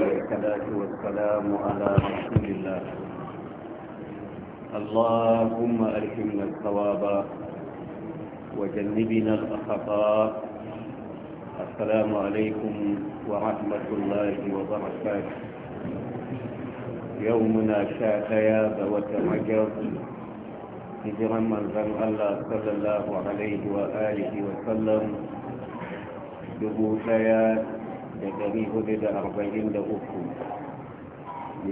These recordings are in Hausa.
والصلاة والسلام على رسول الله اللهم ارحمنا الصواب وجنبنا الأخطاء السلام عليكم ورحمة الله وبركاته يومنا شاكيا وتمجر هجرا من Allah الله صلى الله عليه واله وسلم دبوس يا da ɗari hudu da arba'in da uku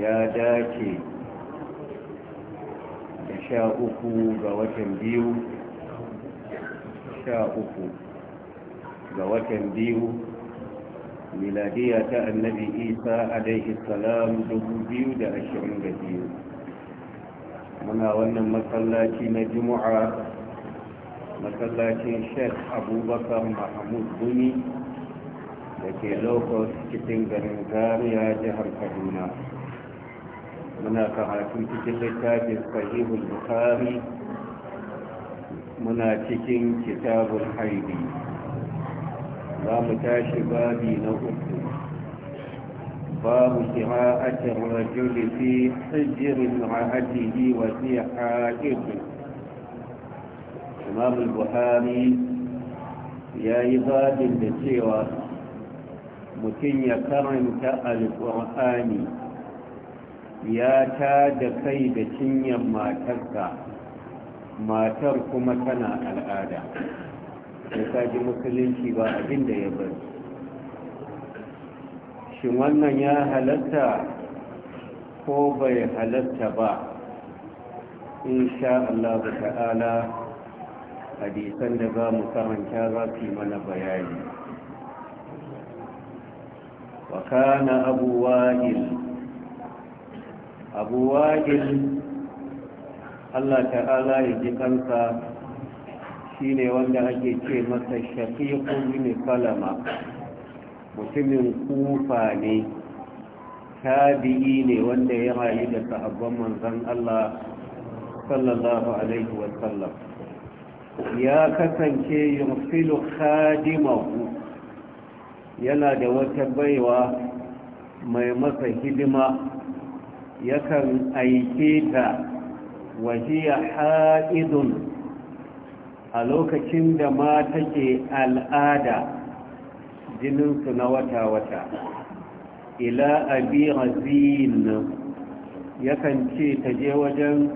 ya dace da sha uku ga watan biyu sha uku ga watan biyu miladiya ta annabi isa alaihi salam dubu biyu da ashirin da biyu muna wannan masallaci na juma'a masallacin sheikh abubakar mahmud Buni. da ke cikin garin zariya jihar kaduna muna karatu cikin littafin sahihul bukari muna cikin kitabul haidi za mu tashi babi na uku babu kira'atin rajuli fi hijjirin ra'atihi wa fi haƙiƙi imam al-buhari ya yi babin da cewa mutum ya karanta alƙur'ani ya ta da kai da cinyar matarsa matar kuma tana al'ada ya ji musulunci ba abin da ya bari shin wannan ya halatta ko bai halatta ba insha Allah ta'ala hadisan da za mu karanta za su yi mana bayani وكان أبو وائل أبو وائل Allah ta'ala ya ji kansa shine wanda ake ce masa shafiqu bin mutumin kufa ne tabi'i ne wanda ya rayu da sahabban manzon Allah alaihi wa sallam ya kasance yursilu khadimahu yana da wata baiwa mai masa hidima yakan aike ta wajiya ha'idun a lokacin da ma take al'ada jininsu na wata-wata ila abi razin yakan ce ta je wajen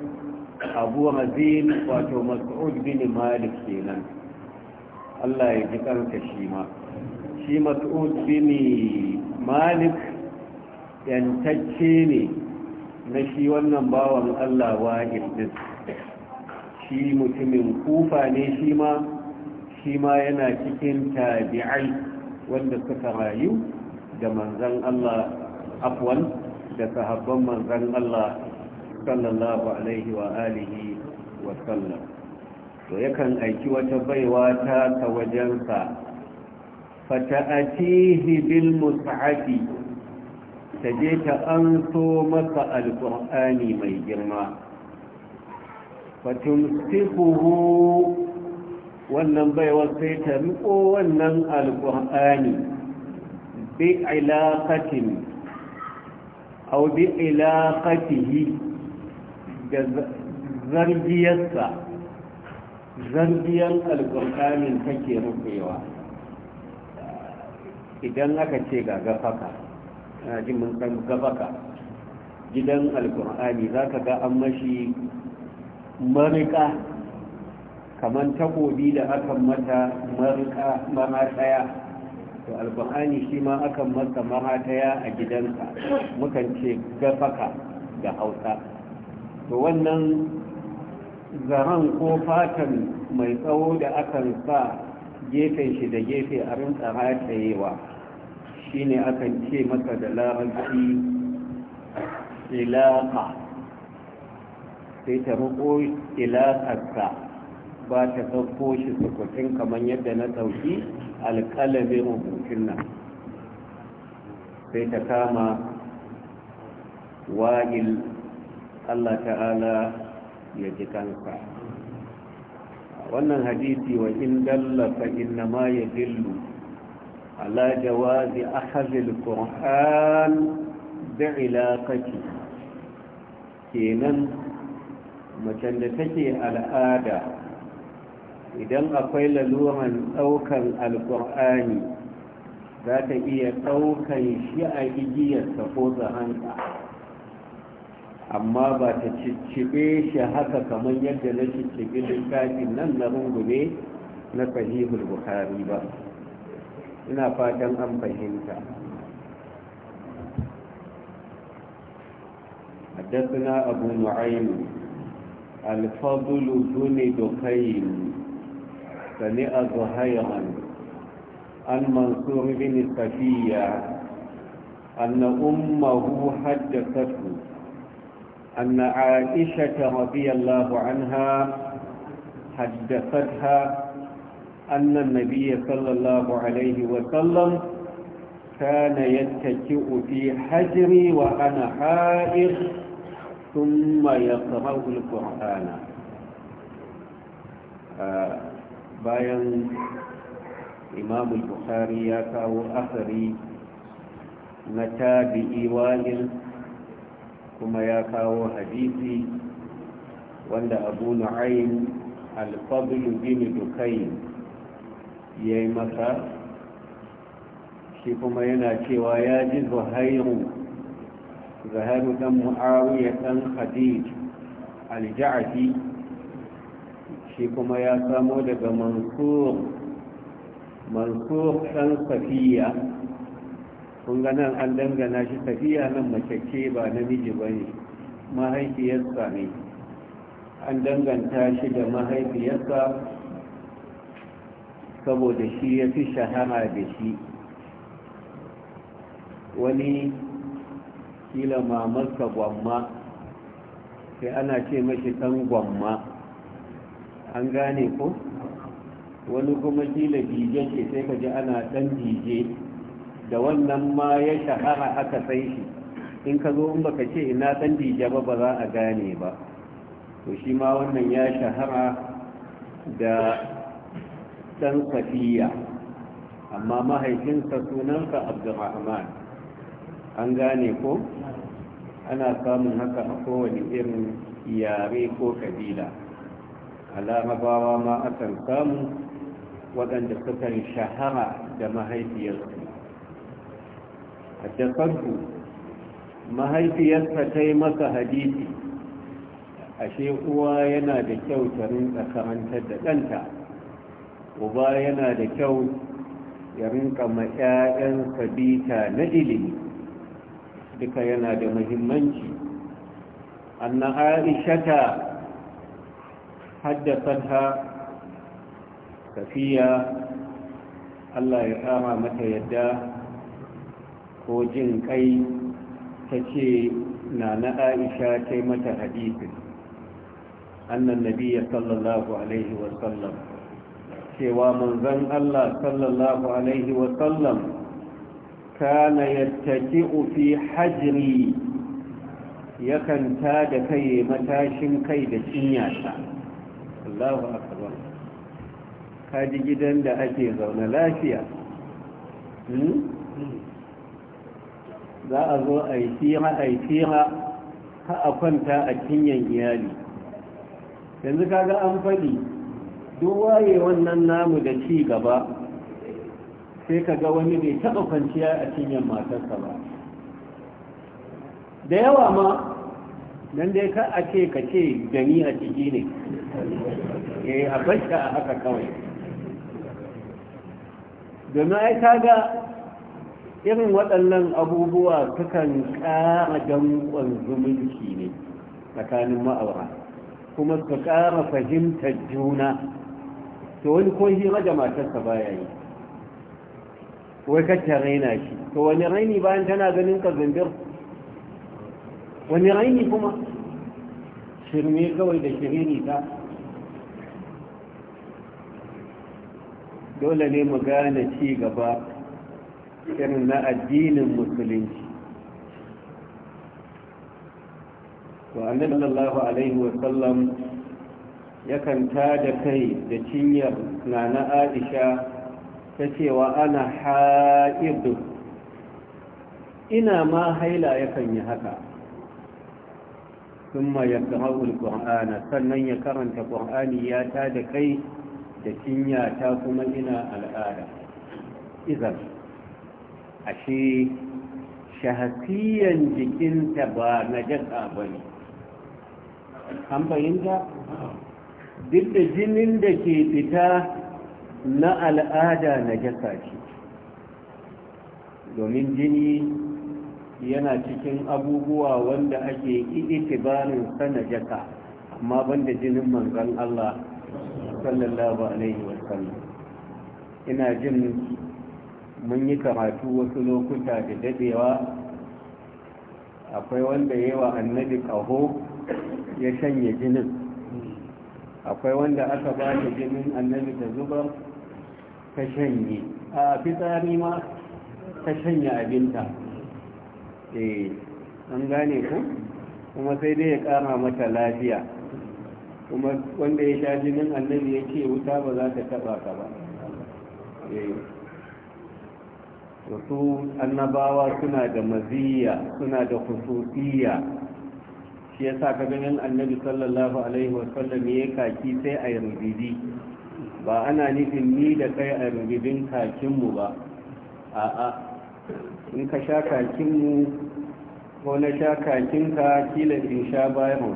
abu razin wato mas'ud bin malik kenan Allah ya ji kanka shi ma shi mas'ud bin malik yantacce ne na shi wannan bawan allah wa ɗin shi mutumin kufa ne shi ma shi ma yana cikin tabi'ai wanda suka rayu da manzan allah afwan da sahabban manzan allah sallallahu alaihi wa alihi wa sallam to yakan aiki wata baiwa ta ta wajensa fata'atihi bil mushafi ta je ta an so masa alƙur'ani mai girma fatumsifuhu wannan baiwar sai ta miko wannan alƙur'ani bi ilaƙatin au bi ilaƙatihi da zargiyarsa zargiyar alƙur'anin take rufewa idan aka ce ga gafaka na jin mun san gafaka gidan alkur'ani za ka ga an mashi marika kamar takobi da akan mata marika ɗaya, to alkur'ani shi ma akan masa marataya a gidansa mukan ce gafaka da hausa to wannan zaren ko fatan mai tsawo da akan sa gefen shi da gefe a rinsa hatayewa shi ne akan ce masa da larabci ilaka sai ta roƙo ilakarsa ba ta sauko shi sukutun kamar yadda na sauki alƙalabe rubutun nan sai ta kama wa'il allah ta'ala ya ji kansa wannan hadisi wa in dalla inna ma yadillu ala jawazi akhadh quran ilaqati kenan macen da take al'ada idan akwai laluran daukan alqur'ani za ta iya daukan shi a igiyarsa ko tsahanta amma ba ta ciccibe shi haka kamar yadda na ciccibe littafin nan na rungume na sahihul bukhari ba ina fatan an fahimta حدثنا أبو نعيم الفضل بن دكين سمع زهيرا عن منصور بن صفية أن أمه حدثته أن عائشة رضي الله عنها حدثتها أن النبي صلى الله عليه وسلم كان يتكئ في حجري وأنا حائر ثم يقرأ القرآن آه باين إمام البخاري يكاو أخري نتابئي وائل kuma ya kawo hadisi wanda abu na'ayin al gini dukai ya yi masa shi kuma yana cewa ya ji zuhairu zuhairu dan mu'awiya dan san al shi kuma ya samo daga mansur mansur dan safiya kun ga nan an dangana shi tafiya nan ce ba namiji ba ne mahaifiyarsa ne an danganta shi da mahaifiyarsa saboda shi ya fi shahara da shi wani kila mamarsa gwamma sai ana ce mashi ɗan gwamma an gane ko wani kuma kila dije ce sai ka ji ana ɗan dije da wannan ma ya shahara aka san shi in ka zo in baka ce ina dan dija ba ba za a gane ba to shi ma wannan ya shahara da dan safiya amma mahaifinsa sunansa abdurrahman an gane ko ana samun haka a kowane irin yare ko kabila a larabawa ma akan samu waɗanda sukan shahara da mahaifiyarsu haddasarku mahaifiyarsa ta yi masa hadisi ashe uwa yana da kyau ta rinka karantar da ɗanta uba yana da kyau ya rinka ma 'ya'yansa bita na ilimi duka yana da muhimmanci anna aishata haddasarha tafiya allah ya kama mata yadda ko jin kai ta ce na na aisha ta mata hadisin annan nabiya sallallahu alaihi wasallam cewa manzan allah sallallahu alaihi wasallam kana yattaki'u fi hajri yakan ta da kai matashin kai da cinya cinyata allahu akbar kaji gidan da ake zaune lafiya hmm? za a zo a yi tira a yi tira a kwanta a cinyan iyali yanzu kaga an faɗi duk waye wannan namu da ci gaba sai kaga wani bai taɓa kwanciya a cinyar matarsa ba da yawa ma nan dai ka a ce ka ce gani a ciki ne eh a a haka kawai domin ai kaga irin waɗannan abubuwa sukan ƙara danƙon zumunci ne tsakanin ma'aura kuma su ƙara fahimtar juna to wani ko hira da matarsa baya yi wai kacce raina shi to wani raini bayan tana ganin ka zumbir wani raini kuma shirme kawai da shirini ta dole ne mu gane ci gaba irin na addinin musulunci wa annabi sallallahu alaihi wa sallam yakan tada kai da cinyar nana Aisha ta cewa ana haidu ina ma haila yakan yi haka thumma yaqra'u al-qur'ana sannan ya karanta qur'ani ya tada kai da cinya ta kuma ina al'ada idan ashe shahasiyan jikinta ba na jasa ba ne an fahimta duk da jinin da ke fita na al'ada na jaka ce domin jini yana cikin abubuwa wanda ake itibarin sana jaka, amma banda jinin manzan Allah sallallahu alaihi wasallam ina jin mun yi karatu wasu lokuta da dadewa akwai wanda ya yi wa annabi kaho ya shanye jinin akwai wanda aka ba da jinin annabi ta zubar ta shanye a fitsari ma ta shanye abinta eh an gane ku kuma sai dai ya kara mata lafiya kuma wanda ya sha jinin annabi ya ce wuta ba za ta taba ka ba eh. su annabawa suna da maziya suna da khususiyya shi yasa ka ganin annabi sallallahu alaihi sallam ya kaki sai a rubidi ba ana nufin ni da kai a rubidin kakinmu ba a'a in ka sha kakinmu ko na sha kakin ka, kila in sha bayan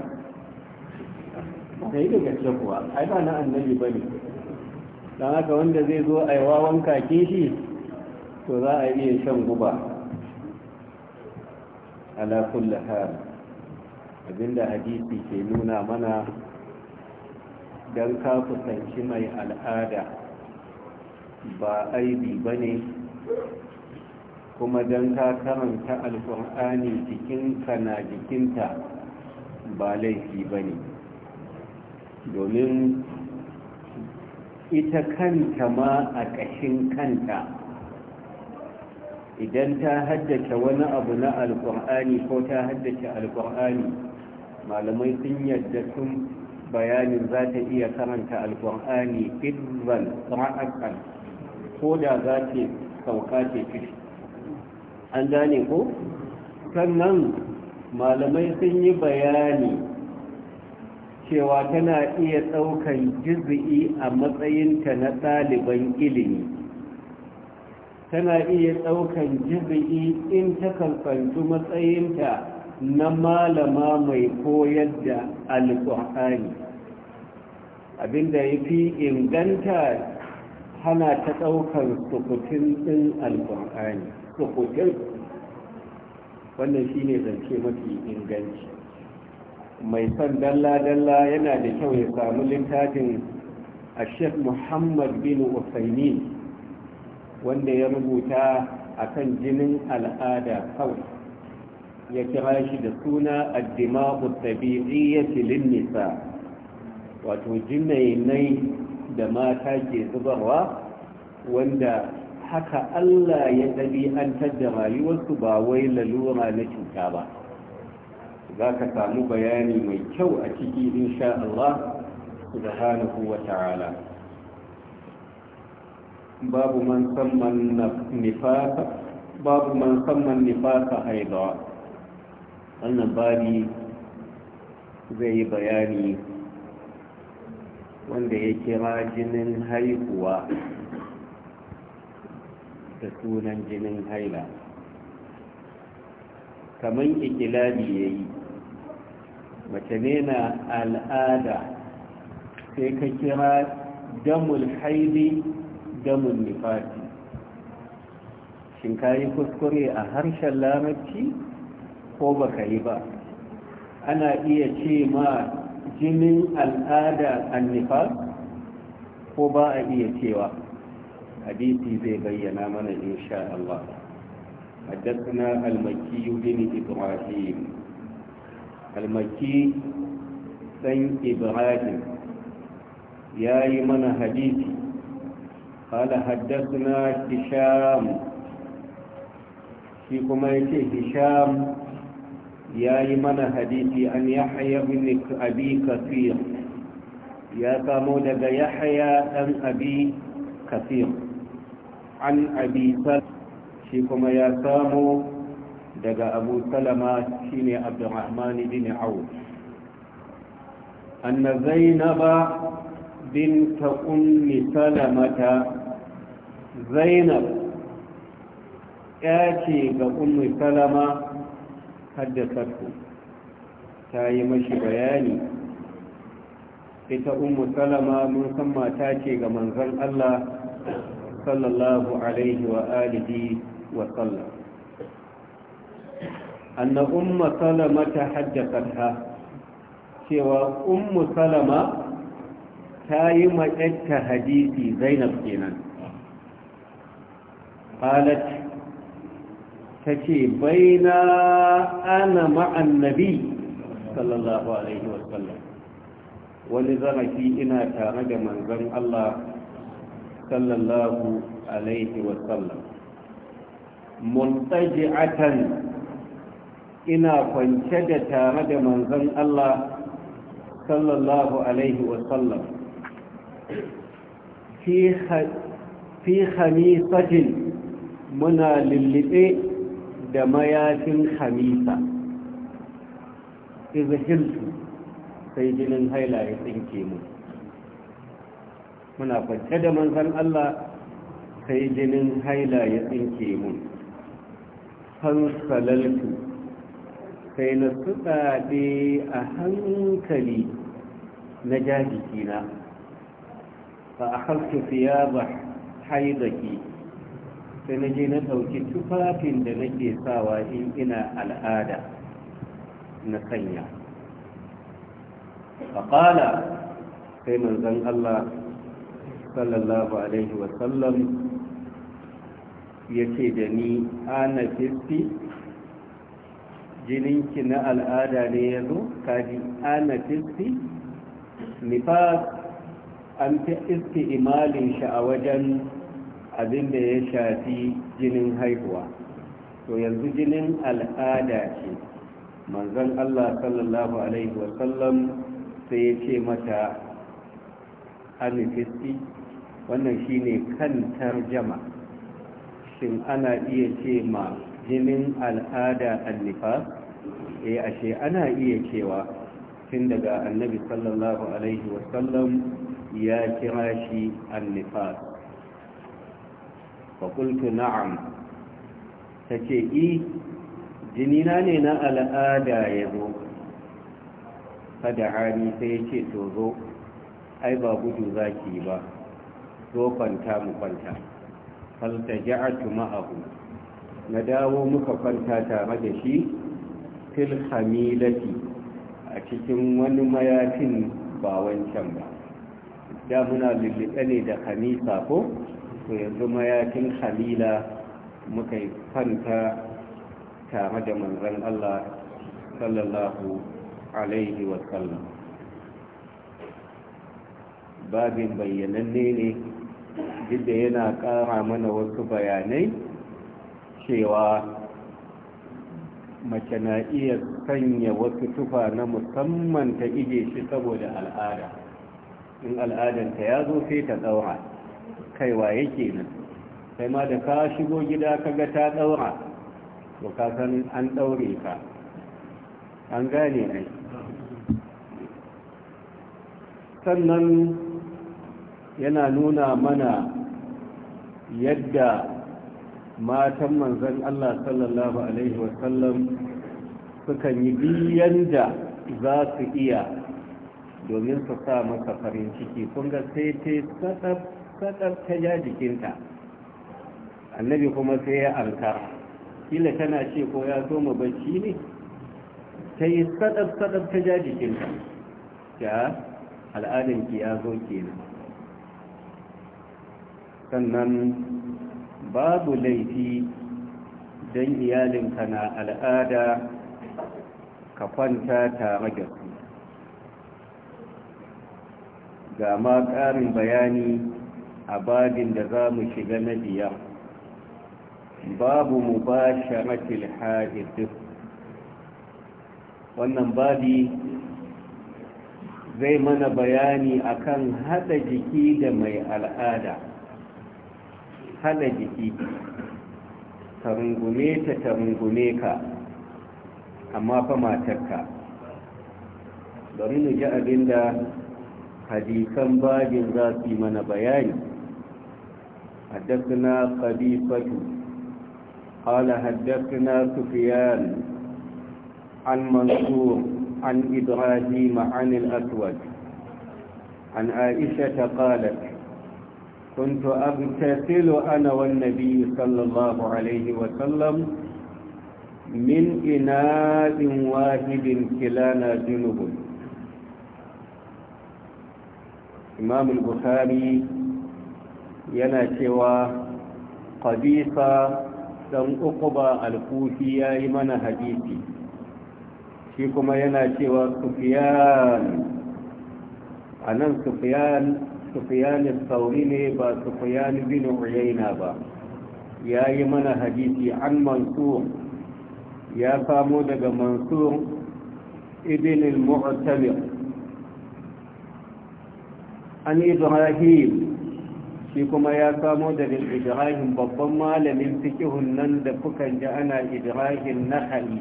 sai yi da gaske kuwa ai ba na annabi ba ne haka wanda zai zo a yi wawan kakin shi to za a iya shan guba ala kulli hal abinda hadisi ke nuna mana don ka kusanci mai al'ada ba aibi ba ne kuma don ka karanta alkur'ani jikinka na jikinta ba laifi ba ne domin ita kanta ma a ƙashin kanta idan ta haddace wani abu na alƙur'ani ko ta haddace alƙur'ani malamai sun yadda sun bayanin za ta iya karanta alƙur'ani fitzal ra'akan ko da za ta sauka ce fish an gane ko sannan malamai sun yi bayani cewa tana iya ɗaukan jizi'i a matsayinta na ɗaliban ilimi tana iya ɗaukan jizi'i in ta kalfantu matsayinta na malama mai koyar da alƙur'ani abinda ya fi inganta hana ta ɗaukar sukutun ɗin alƙur'ani sukutun wannan shi ne zance mafi inganci mai son dalla-dalla yana da kyau ya samu littafin a sheikh muhammad bin usaimin wanda ya rubuta akan jinin al'ada kawai ya kira shi da suna addima'u tabi'iyyati filin nisa wato jinainai da mata ke zubarwa wanda haka Allah ya ɗabi'antar da rayuwarsu ba wai lalura na cuta ba za ka samu bayani mai kyau a ciki insha Allah subhanahu wa ta'ala babu man samman nifasa babu man samman nifata haida wannan babi zai yi bayani wanda ya kira jinin haihuwa da sunan jinin haila kamar ikilabi ya yi mace ne na al'ada sai ka kira damul haili damun nifaki shin ka yi kuskure a harshen larabci ko ba ka yi ba ana iya ce ma jinin al'ada annifas ko ba a iya cewa Hadithi zai bayyana mana insha Allah حدثنا المكي Ibrahim. إبراهيم المكي سن إبراهيم يا mana hadithi. قال حدثنا هشام فيكم يتي هشام يا يمن حديثي أن يحيى بن أبي كثير يا ثمود يحيى أن أبي كثير عن أبي سلمة فيكم يا ثمود daga abu salama shine abdurrahman bin auf anna zainaba bint ummi salamata zainab ya ce ga ummu salama haddasarku ta yi mashi bayani ita ummu salama mun san mata ce ga manzan Allah sallallahu alaihi wa alihi wa sallam anna ummu salama ta haddasarha cewa ummu salama ta yi maƙyarta hadisi zainab kenan قالت تشي بين أنا مع النبي صلى الله عليه وسلم ولزمتي إنا تارج من زن الله صلى الله عليه وسلم منتجعة إنا فانشد تارج من زن الله صلى الله عليه وسلم في خ... في خميصة muna lullube da mayafin hamisa izhiltu sai jinin haila ya tsinke mu muna kwance da manzan Allah sai jinin haila ya tsinke mu hansalaltu sai na tsuɗaɗe a hankali na jajikina Ba a halka fiya ba haidaki sai na je na ɗauki tufafin da nake sawa in ina al'ada na sanya faƙala sai manzan Allah sallallahu alaihi wasallam ya ce da ni ana fisti jininki na al'ada ne ya zo kaji ana fisti nifas an fi iske imalin shi a wajen abin da ya shafi jinin haihuwa to yanzu jinin al'ada ce manzon Allah sallallahu alaihi wasallam sai ya ce mata anifisti wannan shine kan tarjama shin ana iya ce ma jinin al'ada annifa eh ashe ana iya cewa tun daga annabi sallallahu alaihi wasallam ya kira shi annifas faƙultu na'am ta ce i jinina ne na al'ada ya zo fada hannu sai ya ce to zo ai ba gudu za ki ba zo kwanta mu kwanta falta ja'atu ma'ahu na dawo muka kwanta tare da shi fil hamilati a cikin wani mayafin ba wancan ba da muna lullube ne da hamisa ko to yanzu mayakin halila muka yi fanta tare da manzan Allah sallallahu alaihi wasallam babin bayyananne ne duk yana ƙara mana wasu bayanai cewa mace na iya sanya wasu tufa na musamman ta ije shi saboda al'ada in al'adanta ya zo sai ta ɗaura kaiwa yake nan sai ma da ka shigo gida ka ga ta daura to ka san an daure ka an gane ne sannan yana nuna mana yadda matan manzan Allah sallallahu Alaihi wasallam sukan yi biyan da za su iya domin su sa maka farin ciki kun ga sai ta sadab kadar ta ja jikinta annabi kuma sai ya anka. kila tana ce ko ya zo mu bacci ne ta yi sadar sadar ta ja jikinta ta al'adanki ya zo kenan sannan babu laifi don iyalinka na al'ada ka kwanta tare da su ga ma ƙarin bayani a babin da za mu shiga na biyar babu mu ba sharatil wannan babi zai mana bayani akan hada jiki da mai al'ada hada jiki tarungume ta tarungume ka amma fa matarka bari mu ji abinda hadisan babin za su yi mana bayani حدثنا خليفة قال حدثنا سفيان عن منصور عن إبراهيم عن الأسود عن عائشة قالت كنت أغتسل أنا والنبي صلى الله عليه وسلم من إناء واحد كلانا جنوب إمام البخاري yana cewa qabisa dan ukuba al-kufi yayi mana hadisi shi kuma yana cewa sufyan anan sufyan sufyan al ne ba sufyan bin uyayna ba yayi mana hadisi an mansur ya samo daga mansur ibn al-mu'tamir an ibrahim shi kuma ya samo daga ibrahim babban malamin fikihun nan da kukan ji ana ibrahim na hali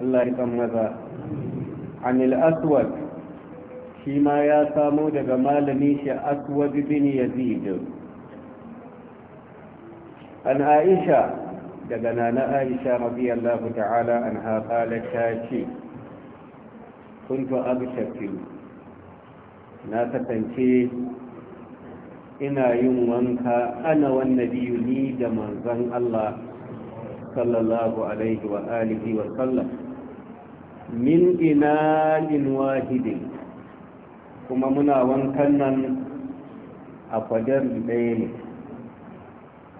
allah rikan maza anil aswad shi ma ya samo daga malami shi aswad bin yazid an aisha daga nana aisha radiyallahu ta'ala an haƙala ta ce kuntu abu shafiru na kasance ina yin wanka ana wannan biyu ni da manzan Allah sallallahu alaihi wa alihi wa sallam min ina'in wahidi kuma muna wankan nan a fadar ɗaya ne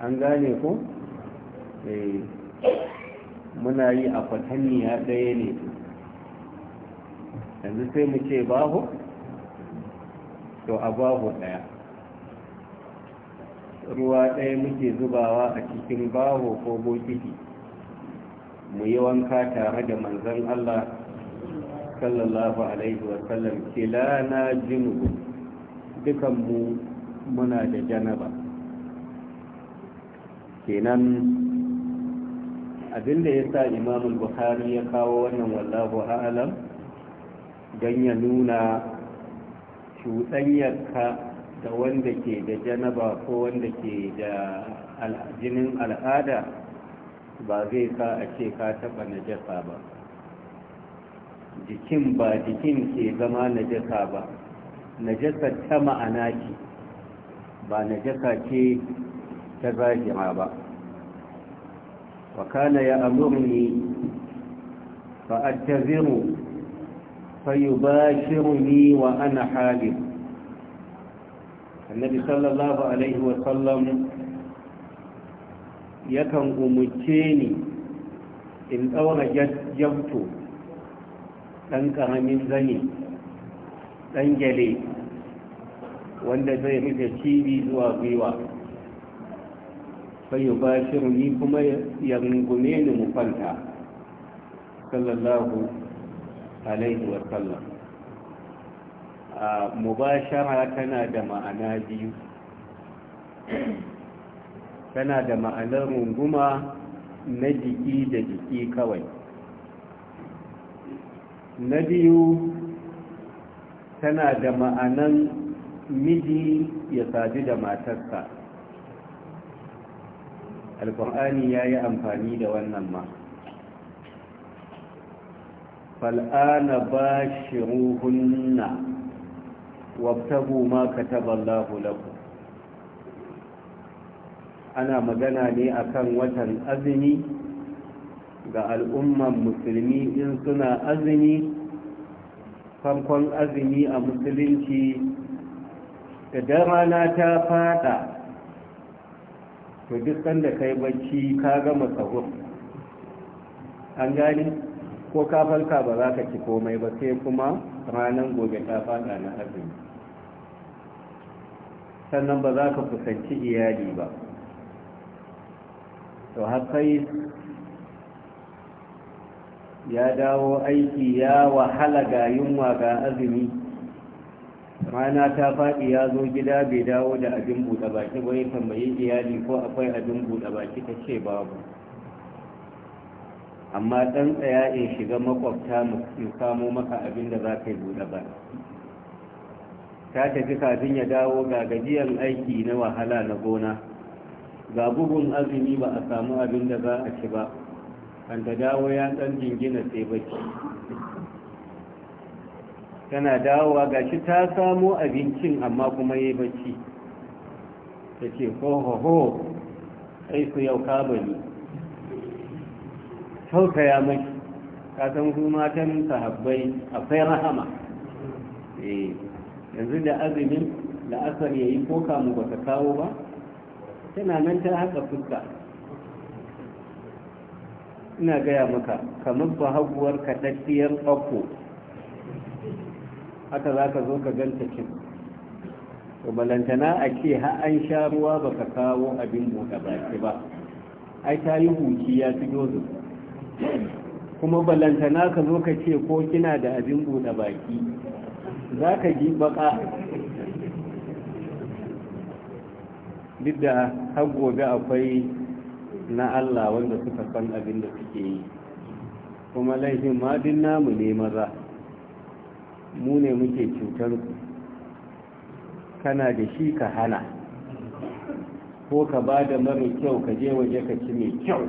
an gane ko? Eh, muna yi a fatanniya ɗaya ne yanzu sai mu ce bahu to a baho ɗaya ruwa ɗaya muke zubawa a cikin baho ko bokiti mu yi wanka tare da manzan Allah sallallahu alaihi wasallam kilana jinu dukanmu muna da janaba kenan abinda ya sa imamul buhari ya kawo wannan wallahu a'alam don ya nuna ka. ta wanda ke da janaba ko wanda ke da jinin al'ada ba zai ka a ce ka taba najasa ba jikin ba jikin ke zama najasa ba najasa ta ma'ana ce ba najasa ce ta zajima ba kana ya amurni fa'attaziru fayubashiruni wa ana halin annabi sallallahu alaihi wasallam yakan umurce ni in ɗaura jabto ɗan ƙaramin zane ɗan gyale wanda zai rufe cibi zuwa gwiwa sai ba shiru ni kuma ya rungume ni mu kwanta sallallahu alaihi wasallam a mubashara tana da ma'ana biyu tana da ma'anar runguma na jiki da jiki kawai na biyu tana da ma'anan miji ya sadu da matarsa alkur'ani ya yi amfani da wannan ma fal'ana ba shi ruhunna wabtagu ma kataballahu lakum ana magana ne akan watan azumi ga al'umman musulmi in suna azumi farkon azumi a musulunci da na ta fada to duk sanda kai bacci ka gama sahur an gani ko ka falka ba za ka ci komai ba sai kuma ranar gobe ta fada na azumi sannan ba za ka kusanci iyali ba to haƙai ya dawo aiki ya wahala ga yunwa ga azumi rana ta faɗi ya zo gida bai dawo da abin buɗe baki ba ya tambayi iyali ko akwai abin buɗe baki ta ce babu amma ɗan tsaya in shiga makwabta in samo maka abin da za ka yi buɗe ba ta tafi kafin ya dawo ga gajiyar aiki na wahala na gona ga bugun azumi ba a samu abin da za a ci ba an da dawo ya ɗan jingina sai bacci tana dawowa ga shi ta samo abincin amma kuma ya yi bacci ta ce ho ho ho su yau kabali tausaya mai kasan ku matan sahabbai akwai rahama eh, yanzu da azumin da asar yayi ko kamu ba ka kawo ba tana nan ta haka fuska ina gaya maka kamar haguwar kadaddiyar ƙwakko haka za ka zo ka ganta cin to balantana a ce ha an sha ruwa ba ka kawo abin buɗe baki ba ai ta yi huci ya fi dozin kuma balantana ka zo ka ce ko kina da abin buɗe baki za ka ji baka duk da har gobe akwai na Allah wanda suka san abin da suke yi kuma laifin ma duk namu ne maza mu ne muke cutar ku kana da shi ka hana ko ka ba da mara kyau ka je waje ka ci mai kyau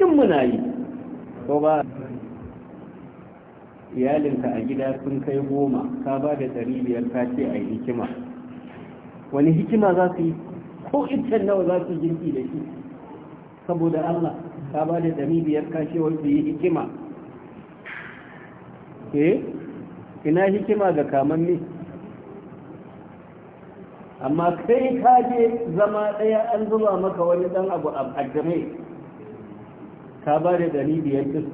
in muna yi ko ba iyalinka a gida sun kai goma ka ba da ɗari biyar ka ce a yi hikima wani hikima za su yi ko iccen nawa za su girki da shi saboda allah ka ba da ɗari biyar ka ce wai yi hikima eh ina hikima ga kamanni amma kai ka je zama ɗaya an zuba maka wani ɗan abu a jami'a ka ba da ɗari biyar ɗin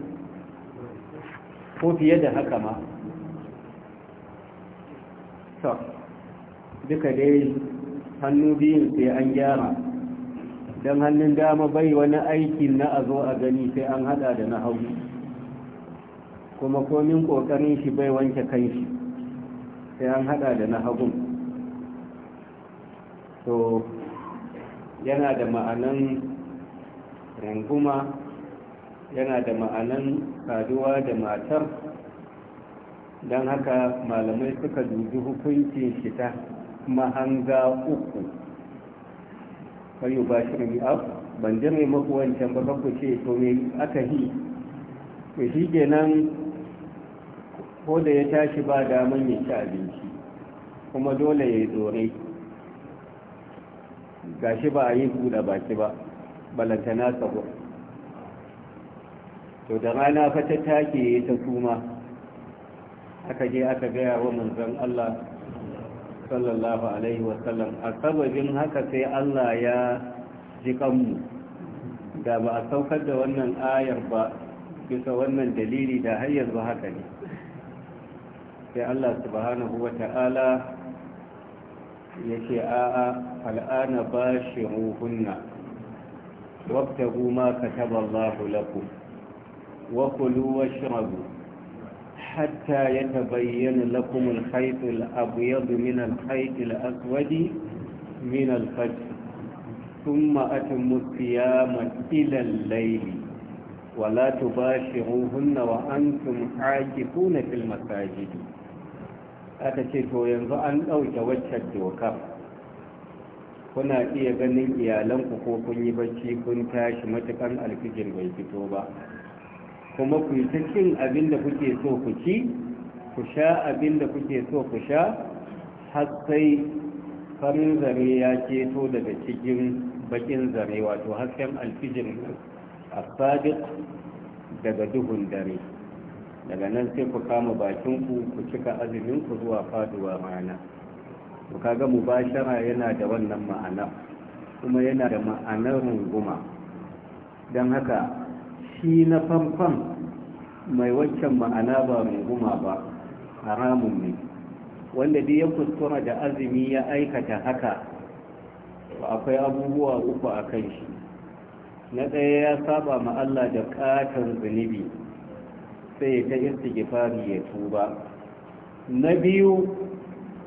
ko fiye da haka ma So, duka dai hannu biyun sai an gyara don hannun dama bai wani aiki na a zo a gani sai an hada da na hau kuma komin kokarin shi bai wanke shi sai an hada da na hagun to yana da ma'anan ranguma yana da ma'anan saduwa da matar don haka malamai suka dubi hukuncin shita mahanga uku kayu ba shi rami af ban jame maku wancan ba ku ce to ne aka yi ko shi nan ko da ya tashi ba daman ya ci abinci kuma dole ya yi ga shi ba a yi buɗe baki ba balantana sabo. to da rana fa ta take ta suma aka je aka gaya wa manzon Allah sallallahu alaihi wasallam a sababin haka sai Allah ya ji kanmu da ba a saukar da wannan ayar ba bisa wannan dalili da har yanzu haka ne sai Allah subhanahu wa ta'ala ya ce a'a al'ana ba shi ruhunna wabtagu ma kataba Allahu lakum وكلوا واشربوا حتى يتبين لكم الخيط الأبيض من الخيط الأسود من الفجر ثم أتموا الصيام إلى الليل ولا تباشروهن وأنتم عاكفون في المساجد أتشفوا ينظر أن أو توجد وكف kuna iya ganin iyalanku ko kun yi bacci kun tashi matukan alfijir bai fito ba kuma ku yi ta cin abin da kuke so ku ci ku sha abin da kuke so ku sha har sai farin zare ya ceto daga cikin bakin zare wato hasken alfijir a sadiq daga duhun dare daga nan sai ku kama bakinku ku cika azumin ku zuwa faduwa rana ku kaga mubashara yana da wannan ma'ana kuma yana da ma'anar runguma don haka shi na famfam mai wancan ma'ana ba mai guma ba haramun ne wanda dai ya kuskura da azumi ya aikata haka akwai abubuwa uku a kan shi na ɗaya ya saba ma Allah da ƙatar zunubi sai ya ta istighfari ya tuba na biyu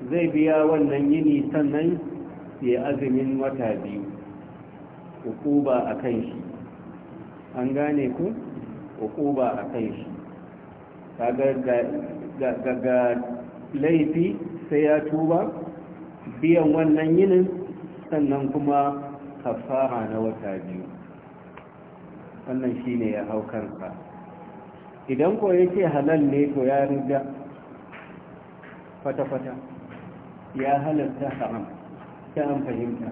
zai biya wannan yini sannan ya azumin wata biyu hukuba a kan shi an gane ku hukuba a kai shi ga laifi sai ya tuba biyan wannan yinin sannan kuma kafara na wata biyu wannan shi ne ya hau kansa idan ko ya ce halal ne to ya riga fata-fata ya halarta haram ta amfahimta,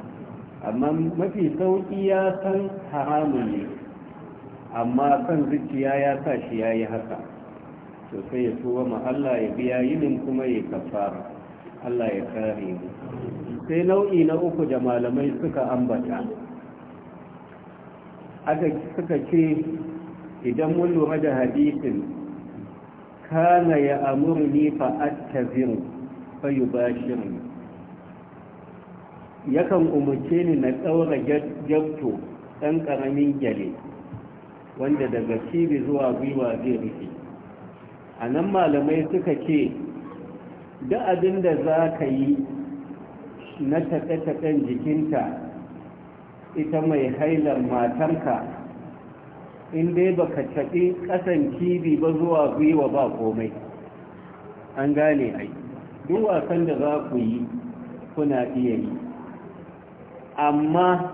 amma mafi sauƙi ya san haramun ne amma kan zuciya ya sa shi ya yi haka to ya tuba ma Allah ya biya yinin kuma ya kafara Allah ya kare mu sai nau'i na uku da malamai suka ambata aka suka ce idan mun lura da hadisin kana ya ni fa attaziru fa yubashir yakan umarce ni na tsaura jabto ɗan ƙaramin gyale wanda daga kiri zuwa gwiwa zai rufe a nan malamai suka ce duk abin da za ka yi na taɗe-taɗen jikinta ita mai hailar matanka in dai ba ka taɓi ƙasan kiri ba zuwa gwiwa ba komai an gane ai duk wasan da za ku yi kuna iya yi amma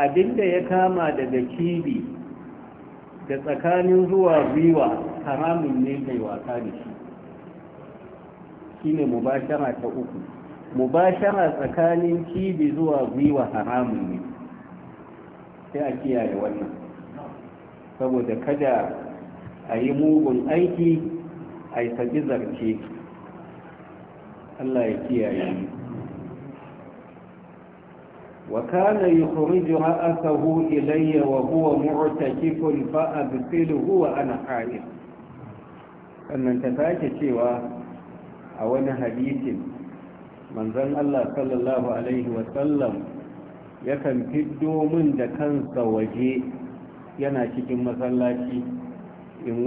abinda ya kama daga kibi da tsakanin zuwa gwiwa haramun ne mai wasa da shi shine mubashara ta uku mubashara tsakanin cibi zuwa gwiwa haramun ne sai a kiyaye wannan saboda kada a yi mugun aiki a yi zarce Allah ya kiyaye mu وكان يخرج رأسه إلي وهو معتكف فأبسله وأنا حائل أن تفاجئ cewa a wani hadisin manzon Allah sallallahu alaihi wasallam yakan fiddo min da kansa waje yana cikin masallaci in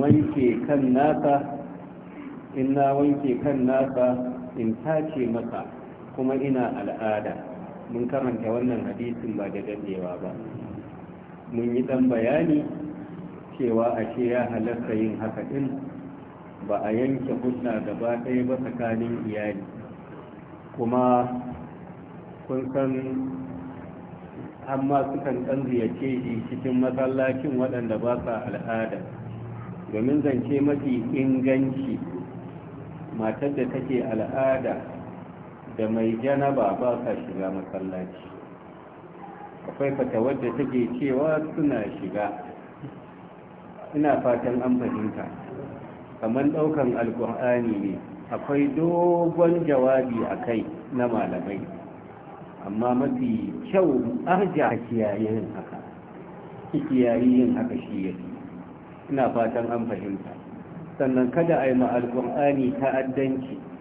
na wanke kan nasa in tace masa kuma ina al'ada mun karanta wannan hadisin ba da dadewa ba mun yi dan bayani cewa ashe ya halarta yin haka din ba a yanke hudna gaba ɗaya ba tsakanin iyali kuma kun san amma sukan ɗan ziyarce shi cikin masallacin waɗanda ba sa al'ada domin zance mafi inganci matar da take al'ada da mai janaba ba sa shiga masallaci akwai fata wadda take cewa suna shiga ina fatan an fahimta kamar daukan alkur'ani ne akwai dogon jawabi a kai na malamai amma mafi kyau arja kiyayen haka kiyayen haka shi yake ina fatan an fahimta sannan kada a yi ma alkur'ani ta'addanci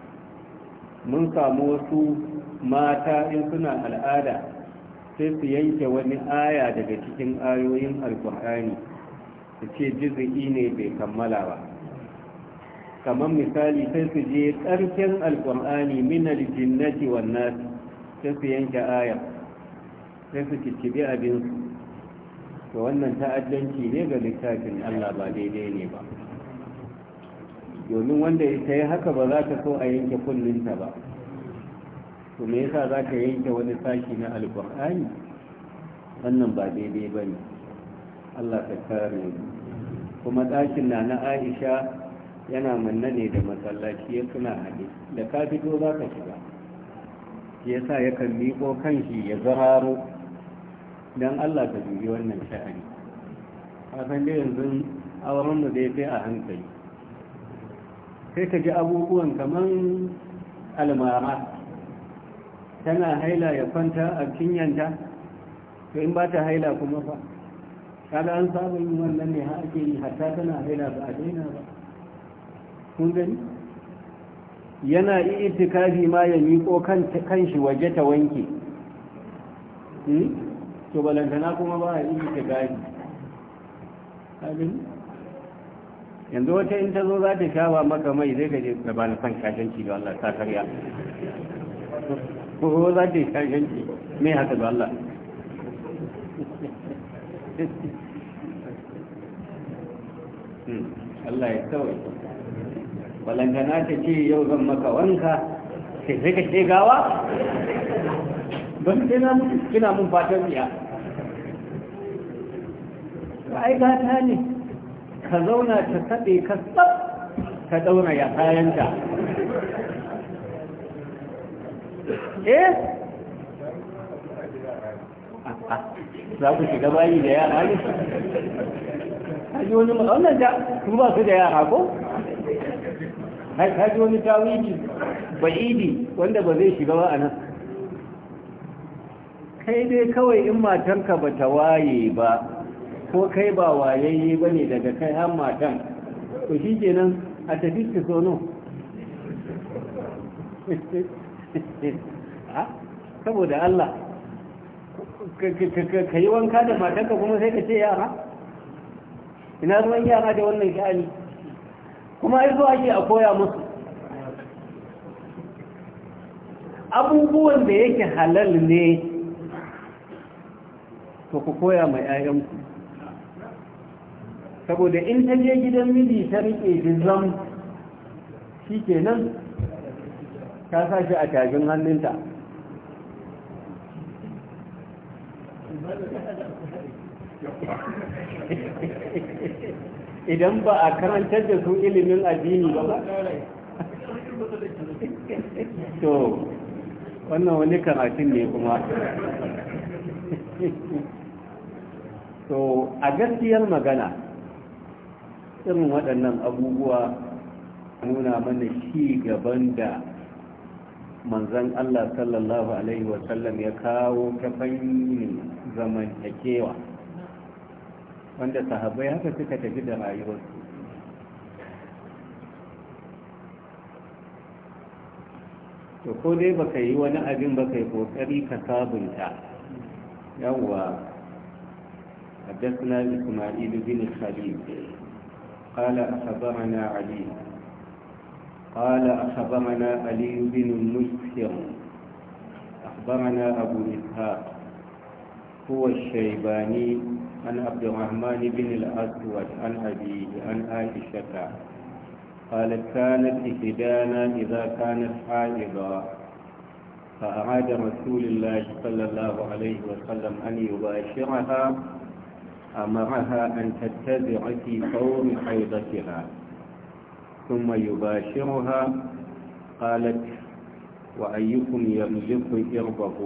mun samu wasu mata in suna al'ada sai su yanke wani aya daga cikin ayoyin alkur'ani su ce jizi'i ne bai kammala ba kamar misali sai su je ƙarfin alkur'ani minal jinnati wannan sai su yanke aya sai su kiccibi abinsu to wannan ta'addanci ne ga littafin allah ba daidai ne ba domin wanda ta yi haka ba za ta so a yanke kullinta ba to me yasa za ka yanke wani sashi na alkur'ani wannan ba daidai ba ne allah ka kare mu kuma ɗakin na na aisha yana manna ne da masallaci ya suna haɗe da ka fito za ka shiga ya sa yakan miƙo kanshi ya zararo don allah ka juyi wannan sha'ani a san dai yanzu mu zai fi a hankali sai ka ji abubuwan kamar almara tana haila ya kwanta a kinyanta, to in ba ta haila kuma fa kada an samu yin wannan ne ha ake yi hatta tana haila ba a daina ba kun gani yana itikafi ma ya miƙo kan shi waje ta wanke hmm? to balantana kuma ba a itikafi yanzu wata in ta zo za ta shawa maka mai zai gaje da ba na son kashanci da Allah ta karya ko za ta kashanci mai haka da Allah hmm, Allah ya tsawo balangana ta ce yau zan maka wanka sai zai ka gawa don kina mun fatan biya ai gata ne ka zauna ta saɗe ka tsab ka ɗaura ya kayanta eh za ku shiga bayi da yara ne haji wani wannan da su ba su da yara ko haji wani tawiki ba'idi wanda ba zai shiga ba a nan kai dai kawai in matanka ba ta waye ba ko kai ba wayayye ba ne daga kai har matan to shi kenan a tafi ki Ha? Ah, saboda Allah ka yi wanka da matanka kuma sai ka ce yara ina ruwan yara da wannan sha'ani kuma ai zo ake a koya musu abubuwan da yake halal ne to ku koya mai 'ya'yanku saboda in ta je gidan miji ta riƙe dizam shi ke nan, ta sa shi a tajin hannunta idan ba a karantar da su ilimin addini ba to wannan wani karatun ne kuma to a gaskiyar magana irin waɗannan abubuwa nuna mana shi gaban da manzan Allah sallallahu Alaihi wasallam ya kawo ta fannin kewa wanda sahabbai haka suka tafi da rayuwarsu to ko dai baka yi wani abin baka yi kokari ka sabunta yawwa حدثنا إسماعيل bin khalil قال أخبرنا علي قال أخبرنا علي بن المسكر أخبرنا أبو إسحاق هو الشيباني عن عبد الرحمن بن الأسود عن أبيه عن عائشة قالت كانت إحدانا إذا كانت حائضا فأعاد رسول الله صلى الله عليه وسلم أن يباشرها أمرها أن تتبع في فور حيضتها ثم يباشرها قالت وأيكم يملك إربه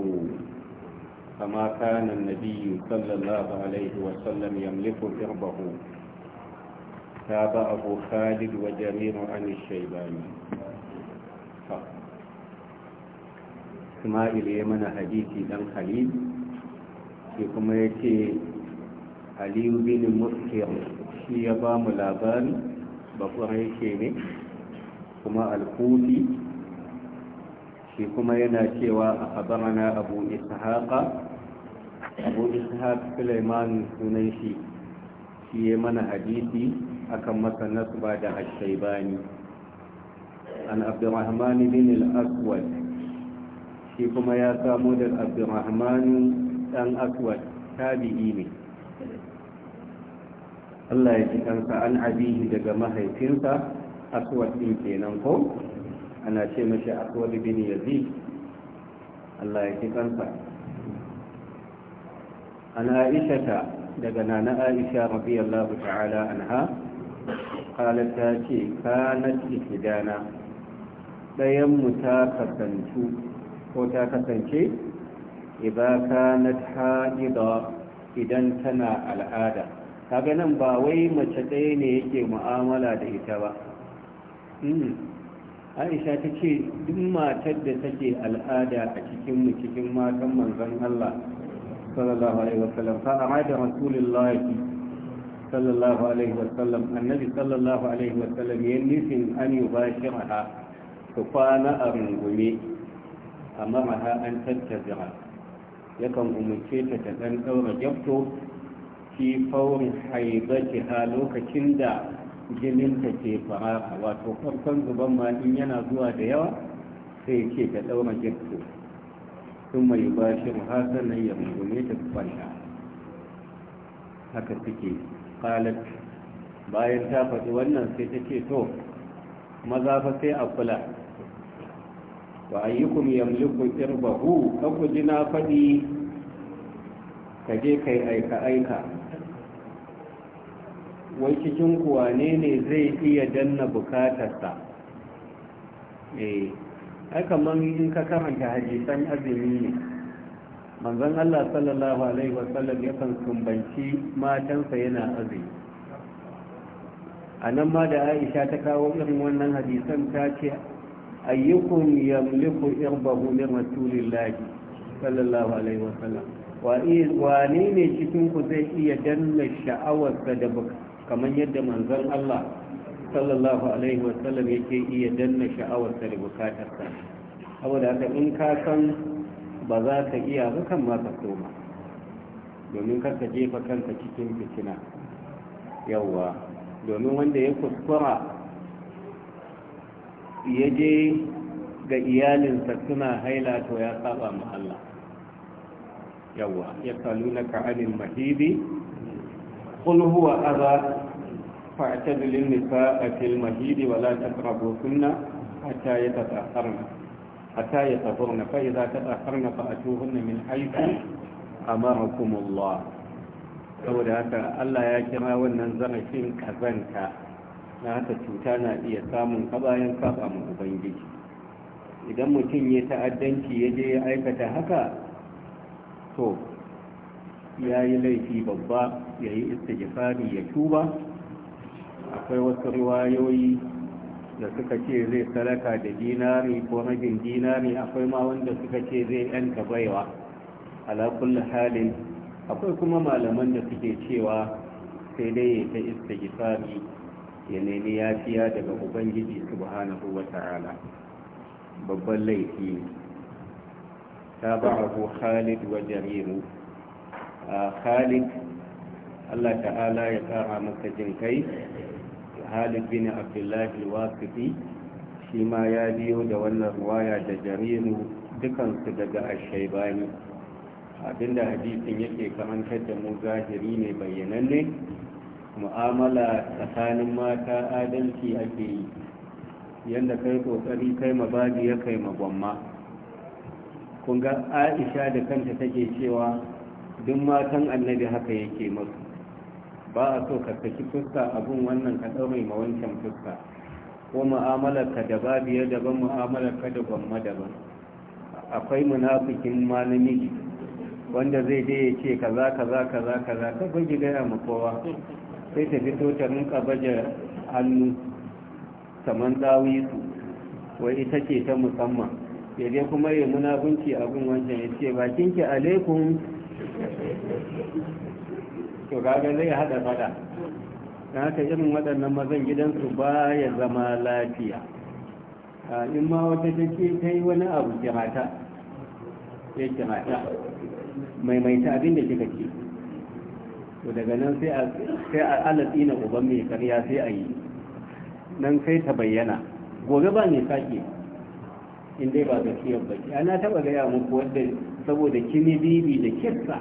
فما كان النبي صلى الله عليه وسلم يملك إربه تاب أبو خالد وجرير عن الشيباني إسماعيل يمن حديثي دم خليل يقوم يتي aliyu bin muskiyar shi ya ba mu labari bakon yake ne kuma alkufi shi kuma yana cewa a habarana abu ishaqa abu ishaq suleiman sunan shi shi ya mana hadisi akan masa ba da bani. an abdurrahman bin al-aswad shi kuma ya samu da abdurrahman dan aswad tabi'i ne Allah ya ji kansa an abihi daga mahaifinsa aswad ɗin kenan ko ana ce mashi aswad bin yazid Allah ya ji kansa an aisha ta daga nana aisha radiyallahu ta'ala an ha. qalat ta ce kanat ihdana dayan mu ta kasance. ko ta kasance idan kanat haida idan tana al'ada kaga nan ba wai mace ɗaya ne yake mu'amala da ita ba hmm. aisha ta ce duk matar da take al'ada a cikinmu cikin matan manzon Allah sallallahu alaihi wasallam fa amada rasulullahi sallallahu alaihi wasallam annabi sallallahu alaihi wasallam ya nufin an yubashiraha to kwana a rungume amma ha an tattabi'a yakan umarce ta ta dan daura gyabto fi faurin haibatiha lokacin da jininta ke fara wato farkon zuban ma in yana zuwa da yawa sai ce ta daura jirgin sun mai bashi hasanan ya rungume ta kwanta haka suke kalat bayan ta faɗi wannan sai ta ce to maza fa sai a kula wa ayyukum yamliku irbahu ka ku ji faɗi ka je kai aika aika wai cikin wane ne zai iya danna bukatarsa eh ai kamar in ka karanta hadisan azumi ne manzon Allah sallallahu alaihi wasallam yakan sumbanci matansa yana azumi a nan ma da aisha ta kawo irin wannan hadisan ta ce ayyukun yamliku irbahu min rasulillahi sallallahu alaihi wasallam wa ne ne cikin ku zai iya danna sha'awarsa da kamar yadda manzon Allah sallallahu alaihi wasallam yake iya danna sha'awarsa da bukatarsa saboda haka in ka san ba za ka iya ba kan ma ka ba, domin ka jefa kanka cikin fitina yawwa domin wanda ya kuskura ya je ga iyalinsa suna haila to ya saba ma Allah yawwa ya na anil mahidi قل هو أذى فاعتدل النساء في المهيد ولا تقربوهن حتى يتطهرن حتى يطهرن فإذا تطهرن فأتوهن من حيث أمركم الله saboda haka Allah ya kira wannan zarafin kazanta na haka cuta na iya samun ka bayan mu ubangiji idan mutum ya ta'addanci ya je ya aikata haka to ya yi laifi babba ya yi gifari ya tuba akwai wasu riwayoyi da suka ce zai sadaka da dinari ko rabin dinari akwai ma wanda suka ce zai yanka baiwa ala halin akwai kuma malaman da suke cewa sai dai ya ta istighfari ya nemi yafiya daga ubangiji subhanahu wata'ala babban laifi ne abu khalid wa jariru khalid allah ta'ala ya جنكي خالد jin عبد الله bin فيما wasifi shi ma ya biyo da wannan abin da jariru dukansu daga abinda hadisin yake karantar da mu zahiri ne bayyananne mu'amala tsakanin mata adalci ake yi yadda kai kokari kai mabadi ya kai magwamma kun ga aisha da kanta take cewa duk matan annabi haka yake masu ba a so ka saki fuska abin wannan ka ɗaure ma wancan fuska ko mu'amalar ka da babiya daban mu'amalar ka da gwamma daban akwai munafikin malami wanda zai dai ya ce kaza kaza kaza kaza ka bugi gaya ma kowa sai ta fito ta rinka baje hannu kamar dawisu wai ita ce ta musamman ya dai kuma ya munafunci abin wancan ya ce bakinki alaikun to gaga zai hada fada da haka irin waɗannan mazan gidansu ba ya zama lafiya in ma wata take ta yi wani abu kirata ya kirata maimaita abin da kika ce to daga nan sai a alatsi na uban mai karya sai a yi nan sai ta bayyana gobe ba ne sake in dai ba gaskiyar baki ana taba gaya muku wadda saboda kini bibi da kirsa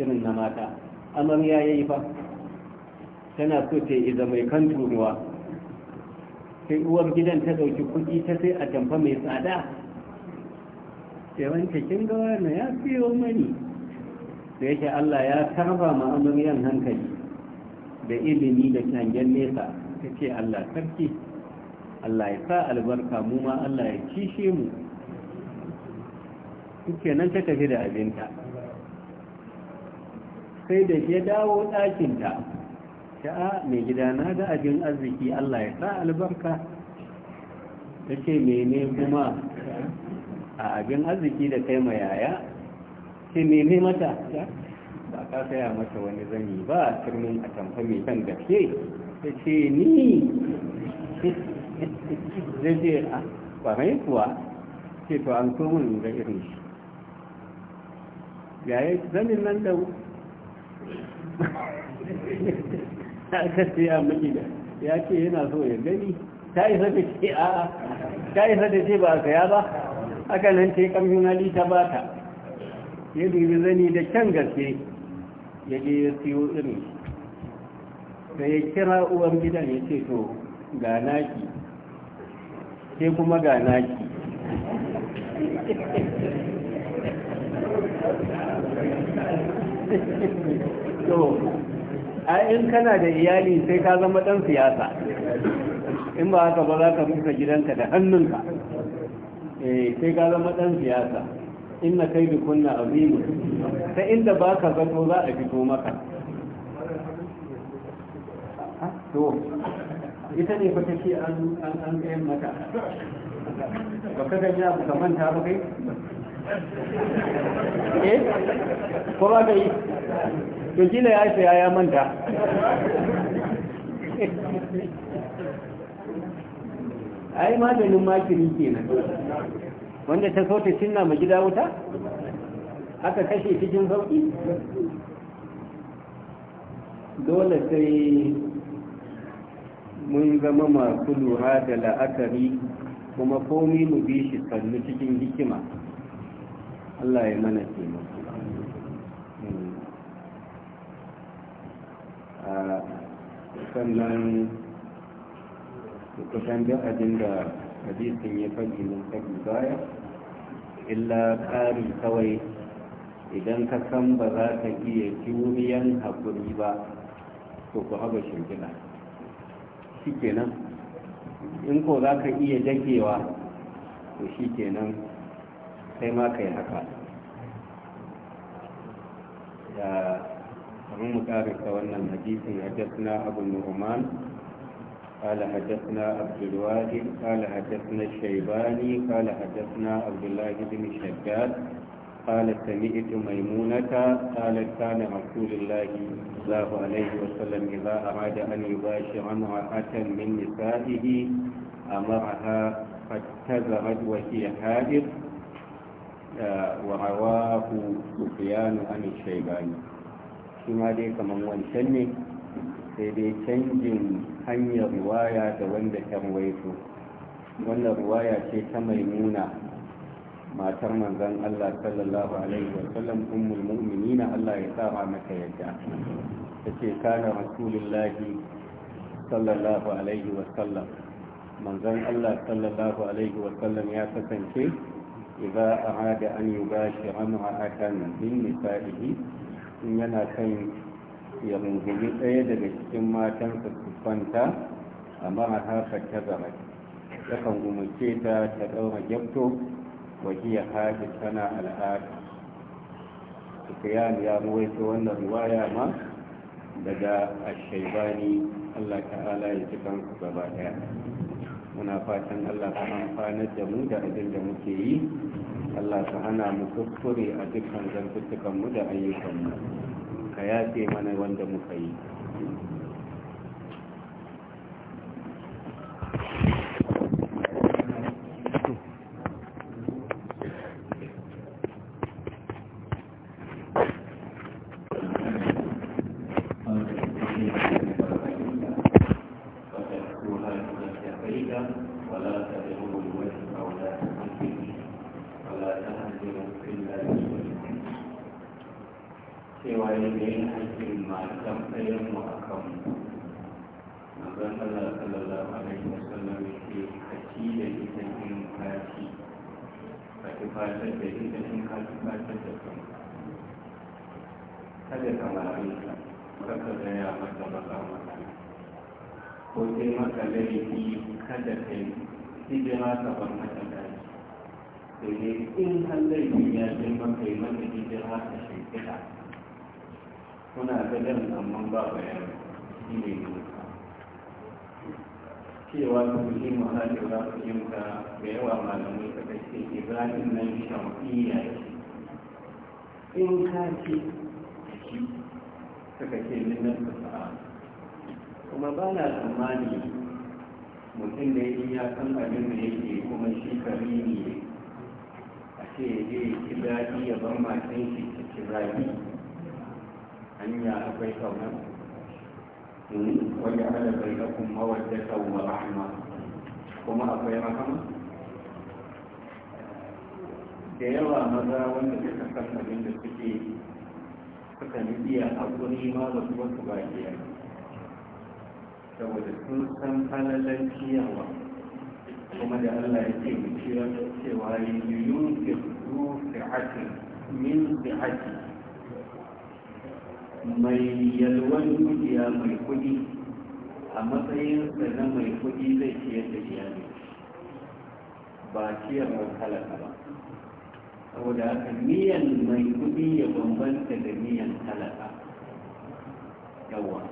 irin na mata amarya ya yi fa tana so ta yi mai kan turuwa sai uwar gidan ta ɗauki kuɗi ta sai a jamfa mai tsada sai wanke kin ga wannan ya fiye mani da yake Allah ya tarba ma amaryan hankali da ilimi da kyangen nesa ta ce Allah sarki Allah ya sa albarka mu ma Allah ya kishe mu suke nan ta tafi da abinta sai da ya dawo ɗakinta ta mai gida na ga abin arziki Allah ya sa albarka ta ce mene kuma a abin arziki da kai ma yaya ce mene mata ba ka saya mata wani zani ba turmin a tamfa mai kan gafe ta ce ni zai ce a kwarai kuwa ce to an komin ga irin shi yaya zanin nan da Ta ce ya miki da ya ce yana so ya gani ta isa da ce a ta isa da ce ba a saya ba haka nan ce kamfinali ta ba ta ya dubi zani da can gaske ya je ya siyo irin sai ya kira uwan gidan ya ce to ga naki ke kuma ga naki to a in kana da iyali sai ka zama dan siyasa in ba haka ba za ka rufe gidanka da hannunka eh sai ka zama dan siyasa inna bi kunna azimu ta inda ba ka zato za a fito maka to ita ne fa take an an an mata ba ka ganya ba ka manta ba kai eh ko ba ka yi to shi ne ya saya ya manta ai maganin makiri kenan wanda ta so ta cinna ma gida wuta aka kashe cikin sauki dole sai mun zama masu lura da la'akari kuma komi mu bi shi sannu cikin hikima Allah ya mana taimako hmm. ah, sannan kusan duk abin da hadisin ya faɗi mun faɗi baya illa ƙari kawai idan ka san ba za ka iya juriyan haƙuri ba to ku haɓa shirgina shi kenan in ko za ka iya dakewa to shi kenan kai ma kai haka da kamar mu karanta wannan hadisin haddasna abu nu'man قال حدثنا عبد الواحد قال حدثنا الشيباني قال حدثنا عبد الله بن شداد قال سمعت ميمونة قالت كان رسول الله صلى الله عليه وسلم إذا أراد أن يباشر امرأة من نسائه أمرها فاتزرت وهي حادث Shi ma سفيان kamar wancan ne? Sai dai canjin hanyar تنج da wanda دوند waifu. wannan ruwaya ce ta maimuna matar manzan Allah sallallahu alaihi wa sallam ummul mu'minina Allah ya tsara mata yadda tace kana rasulullahi sallallahu alaihi wa sallam manzan Allah sallallahu alaihi wa sallam ya kasance إذا أراد أن يباشر امرأة من نسائه إن ينا كان يرنزل أيضا اجتماع تنفس الفنتا أمرها فاتبرت لكن أمشيتا تدور جبته وهي حاجة سنة الآن سفيان يا رويت وأن الرواية ما بدأ الشيباني الله تعالى يتكلم بابا muna fatan Allah ka amfanar da mu da abin da muke yi Allah ka hana mu kuskure a dukkan zantuttukan mu da ayyukan mu ka yafe mana wanda muka yi matan ɗayan mu a kanmu manzon Allah sallallahu alaihi wasallam yake kaci da ita irin kaci ka tufatar da ita in ka tufatar da kanka kada ka mare ka kaka gaya mata baka mata ko sai maka laifi kada ka yi hijira ka bar mata daji sai dai in har laifin ya je maka yi mata hijira ka shekara kuna gadon amma ba bayan yi ne nuka cewa ta fi da za yi yinka da yawa malamai ta kashe ibrahim na shafiya ce in ka ce shi suka kashe minnan ta sa'a kuma ba na tsammani mutum da yi ya san abin da yake kuma shi karimi ne a ce ya je ya ci daɗi ya ban matan shi ci daɗi hanya akwai kauna wanda ala bai da kuma wadda kawo rahama kuma akwai rahama da yawa maza wanda suka san abin da suke suka nufiya a kuri ma ba su wasu ba biyar saboda sun san halalan ciyarwa kuma da allah ya ce mu ciyar cewa yi yunfi su fi'atin min fi'atin mai yalwan dukiya mai kudi a matsayinsa na mai kudi zai ciyar da iyali ba ciyar mai talaka ba saboda haka miyan mai kudi ya bambanta da miyan talaka yawa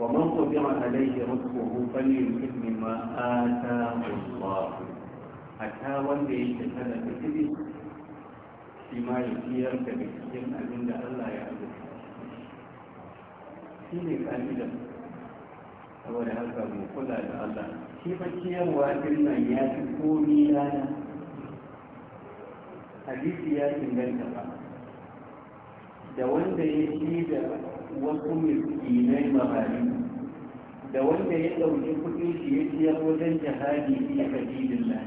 wa man qadira alayhi rizquhu falyumsik mimma ataahu Allah hatta wanda ya yake talaka kudi shi ma ya ciyar da cikin abinda Allah ya azurta shi ne ka'ida saboda haka mu kula da Allah shi fa ciyarwa din nan ya fi komi rana hadisi ya inganta ba da wanda ya ci da wasu miskinai mabari da wanda ya ɗauki kuɗin shi ya ciyar wajen jihadi fi sabilillah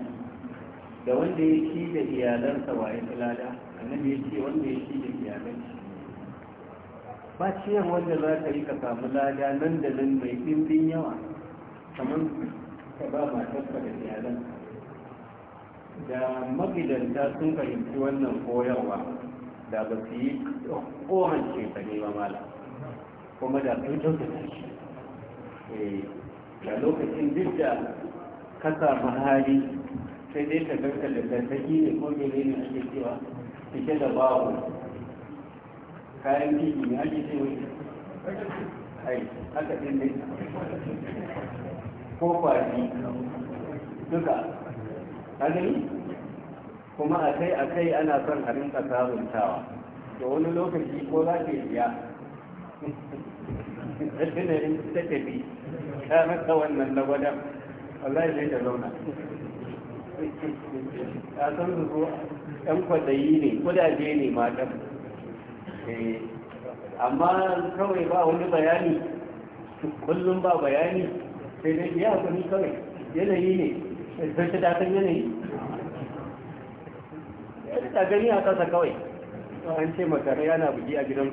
da wanda ya ci da iyalansa wa ya lada annabi ya ce wanda ya ci da iyalansa ba ciyan wanda za ka yi ka samu lada nan da nan mai ɗimbin yawa kamar ka ba matarsa da iyalan da magidanta sun fahimci wannan koyarwa da ba su yi kohan shekane ma mala kuma da sun kyautata shi eh, da lokacin duk da ka samu hali sai dai ka ganka da ta ne ko mene ne ake cewa cike da babu kayan kifi ne ake ce wani ai haka ɗin ne ko kwaji duka ka kuma a kai a kai ana son a rinka tawa. da wani lokaci ko za ke biya ne in ta tafi ta maka wannan na gwadon wallahi zai ta zauna Ya san zuwa ko ɗan ne kudaje ne matan Eh, amma kawai ba wani bayani kullum ba bayani sai dai iya hakuri kawai yanayi ne zai ta dakan yanayi sai ta gani a kasa kawai an ce makara yana buji a gidan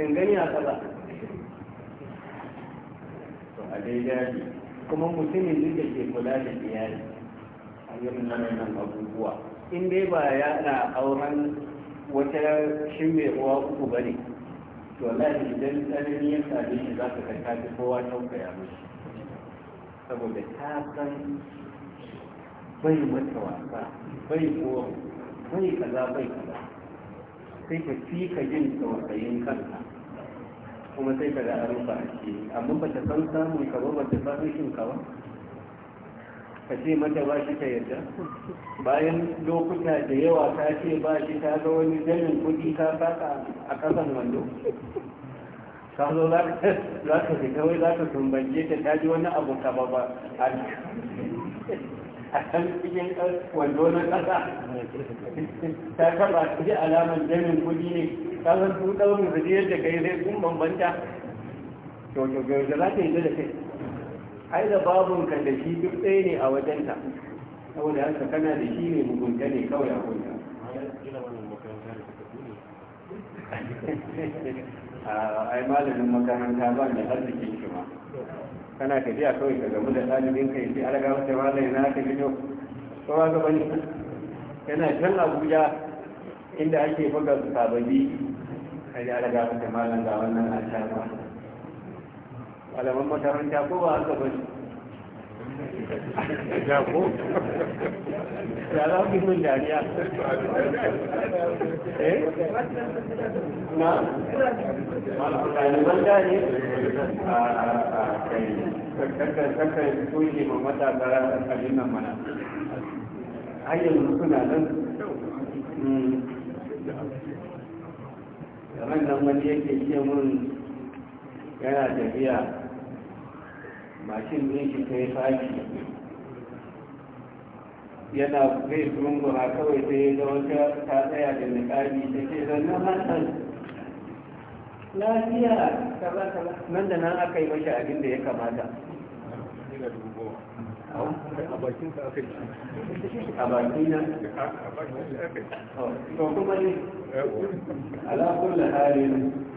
in gani a To a dai daidai kuma mutumin da ke kula da iyali a yi nan abubuwa in dai ba na auren wata shirme ruwa uku ba ne to wallahi idan tsanani ya same shi za ka karka ta kowa taukaya mashi saboda ta san bai mata wasa bai kowa bai kaza bai kaza sai ka fi ka jin tausayin kanka kuma sai ka ga a rufa a ciki amma ba ta san samun ka ba ba ta san rikin ka ba ka ce mata ba shi ka yarda bayan lokuta da yawa ta ce ba shi ta ga wani zanen kudi ta saka a kasan wando ta zo za ka fi wai za ka tumbance ta ta ji wani abu ka ba ba a kan cikin wando na kasa ta taba ji alamar zanen kudi ne ta zan su ɗaurin rijiyar da kai zai kun bambanta to to ga za ta yi da kai ai da babunka da shi duk ɗaya ne a wajenta saboda haka kana da shi ne mugunta ne kawai a kunta a yi malamin makaranta ba da arzikin shi ma kana tafiya kawai ka gamu da ɗalibin ka yi an ga wata malamin na ka fito ko ba ka bani yana can abuja inda ake buga sababi a ji alaga wata malam da wannan a shafa malaman makaranta ko ba haka bani ya ko ya za ku min dariya eh na malaman a kai ma matasa abin nan mana har suna nan kamar hmm. nan wani yake iya mun yana tafiya mashin zai shi ta yi fashi yana zai rungura kawai ta yi da wata ta tsaya da nikari ta ce zanna matan lafiya nan da nan aka yi mashi abin da ya kamata a bakin sa aka yi a bakin a bakin aka yi ne ala a halin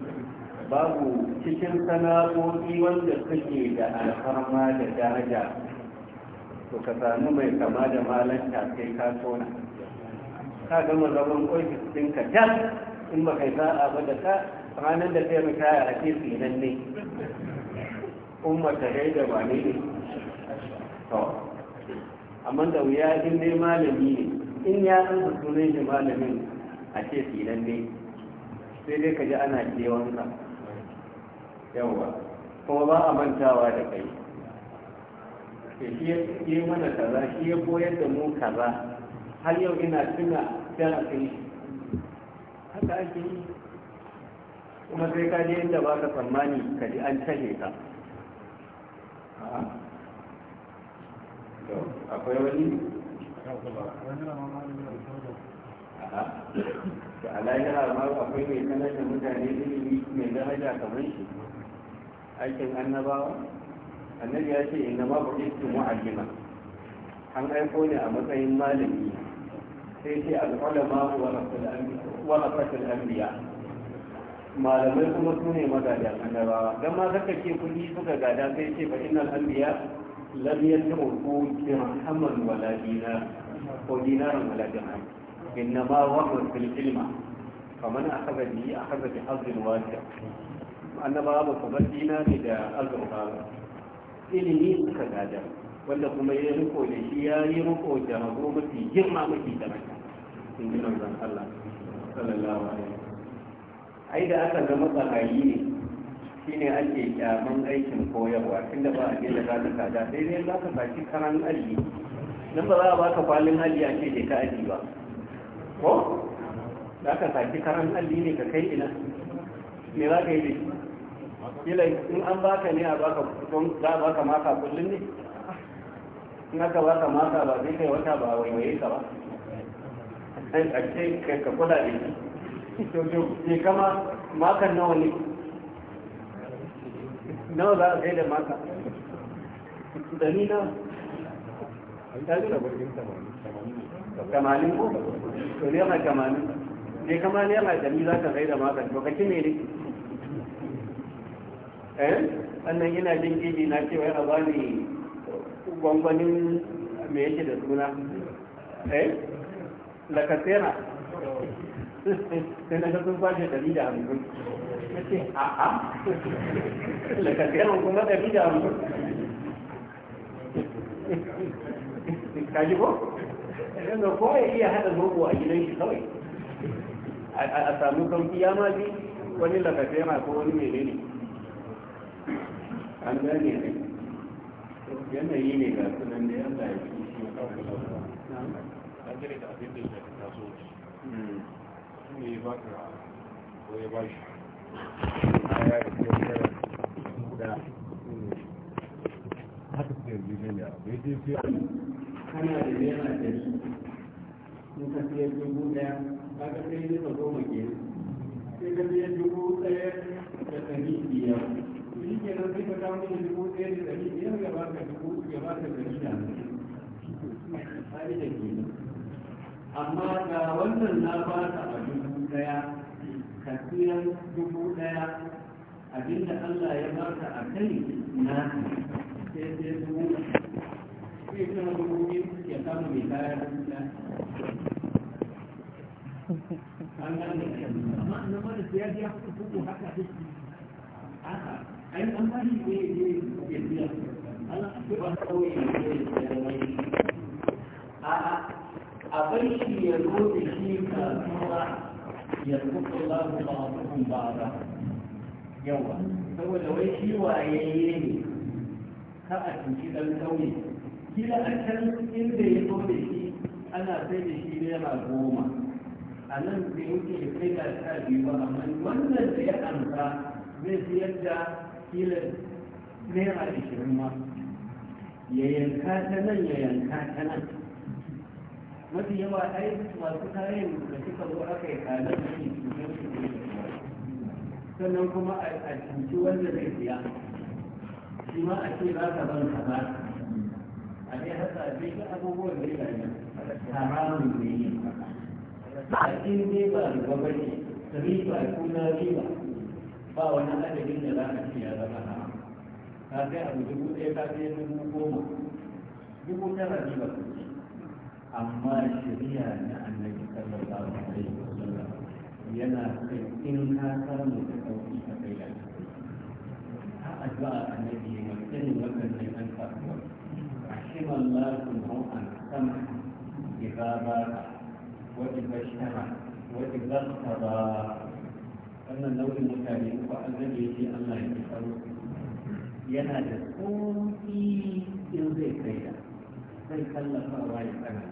babu cikin sana'o'i wanda suke da alfarma da daraja to ka sami mai kama da malanta sai ka tona ka gama zaman ofis ɗinka jan in ba kai sa'a ba da ka ranar da sai ritaya a ke tsinan ne umar ta gaida ba ne ne to amma da wuya in dai malami ne in ya su sunan shi malamin a ke tsinan ne sai dai ka ji ana kewansa yawa kuma ba a mantawa da kai shi ya yi mana kaza shi ya koyar da mu kaza har yau ina tuna tana a kai haka ake yi kuma sai ka je yadda ba ka tsammani ka ji an tahe ka akwai wani a alayyar almaru akwai mai sanar da mutane ilimi mai daraja kamar shi aikin annabawa annabi ya ce inna ma ba istu mu'allima an aiko ne a matsayin malami sai ce al'ulama wa rafatul anbiya malamai kuma su ne magada annabawa dan ma zaka ce kudi suka gada sai ce fa innal anbiya lam yatruku dirhaman wala dinar ko dinaran wala dirham innama wa fil ilma faman akhadha bi akhadha bi hazzin annaba ba su bar ne da azurfa ba ilimi suka gada wanda kuma ya riko da shi ya yi riko da rago mafi girma mafi daraja in ji zan Allah sallallahu alaihi ai da aka ga matsalayi ne shine ake kyaman aikin koyarwa tunda ba a gina za ka kada sai dai za ka saki karan alli nan ba za a baka kwalin alli a ce je ka aji ba ko za ka saki karan alli ne ka kai ina me za ka yi da shi kila in an baka ne a baka kudin za a baka maka kullum ne in aka baka maka ba zai kai wata ba mai ka ba a ce kai ka kula da shi ne kama makan nawa ne nawa za a kai da maka dani na kamanin ko to ne mai kamanin ne kama ne mai dani za ka kai da maka to ka ci ne Eh? sannan ina jin gidi na cewa yana ba ni gwangwanin mai yake da suna eh lakasera sai na ga sun kwashe ɗari da hamsin na ce a'a lakasera kuma ɗari da hamsin kaji ko? yanzu ko ya iya haɗa zobo a gidan shi kawai a samu sauki ya ma bi wani lakasera ko wani menene an gane ne yanayi ne ga sunan da yadda ya fi shi da abin da ya taso hmm. shi ne ba ka ba shi a ah, ya yi kyau da haka su yanzu ne kana da yana da shi ka fiye dubu daya ba ka fiye dubu goma ke sai ka fiye dubu daya da ɗari biyar shi ke nan sai ka kawo mini dubu ɗaya da ɗari biyar ya ba ka dubu ya ba ka ɗari da da ke amma ga wannan na ba ka a dubu ɗaya ka siyan dubu ɗaya abinda Allah ya ba ka a kai na sai sai dubu sai kuma dubu ya samu mai kaya dubu ɗaya an gane amma na mana siya ya fi haka da shi ai an ba shi ne ya shi ya zo da shi ka tura ya kuka Allah ba ku ba ba yawa saboda wai shi wayayye ne ka a tunci dan kauye kila a can inda ya zo da shi ana sai da shi naira goma a nan sai wuce ya kai da sha biyu amma wannan da ya amsa zai siyar da filin naira ishirin ma ya yanka ta nan ya yanka ta nan mafi yawa ai masu kayan da suka zo aka yi kanar da shi sannan kuma a cuci wanda zai siya shi ma a ce za ka ban kaza a dai haka zai ga abubuwan da ya yi haramun da ya yi ba a cikin dai ba riba ba ne riba kuna riba ba wani adadin da za ka ce ya zama haram ka kai abu dubu ɗaya ka kai dubu goma dubu tara ne ba ku ce amma shari'a na annabi sallallahu alaihi wasallam yana kai in ka samu da sauki ka kai da ta addu'a annabi ne irin waɗannan an kasuwa رحم الله امرؤا سمح إذا باع وإذا اشترى وإذا اقتضى wannan nau'in mutane ko an zai annabi yake Allah ya tsaro yana da tsofi in zai kai da zai kallafa wa ya tsara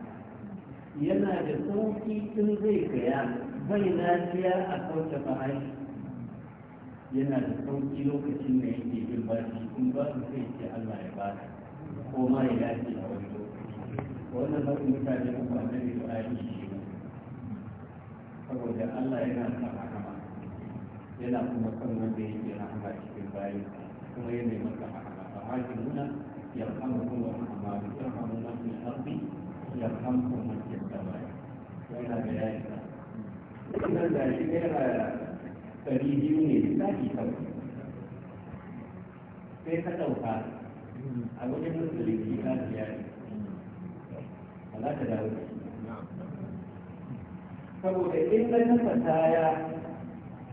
yana da tsofi in zai kaya bai lafiya a kauce bahari yana da sauki lokacin da yake bin bashi in ba su sai ce Allah ya ba ko ma ya lafi a wani lokaci wannan nau'in mutane ko annabi da ayi shi saboda Allah yana sa haka yana kuma kan wanda yake rahama cikin bayan kuma yana masa rahama amma kimuna yarhamukum wa rahmanu yarhamu man fil ardi wani man fis samai yana bayani Kuma da shi ne a tsari biyu ne misali kawai sai ka ɗauka a wajen musulunci ka ziyari ba za ta dawo da shi. saboda in na nasa taya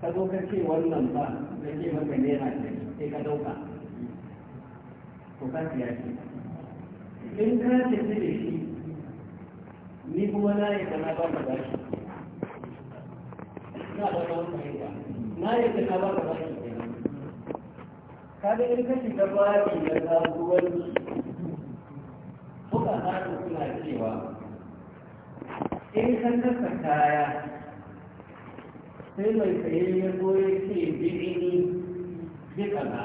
ka zo ka ce wannan ba da ke maka naira ce sai ka dauka to ka siya ce in ka ce da shi ni kuma na yi na ba ka bashi na da ba ka ba na yi kana ba ka bashi ka ga in ka shiga bashi da kasuwanci suka haɗu suna cewa in ka kasa kaya sai mai tsaye ya zo ya ce bi'ini duka ba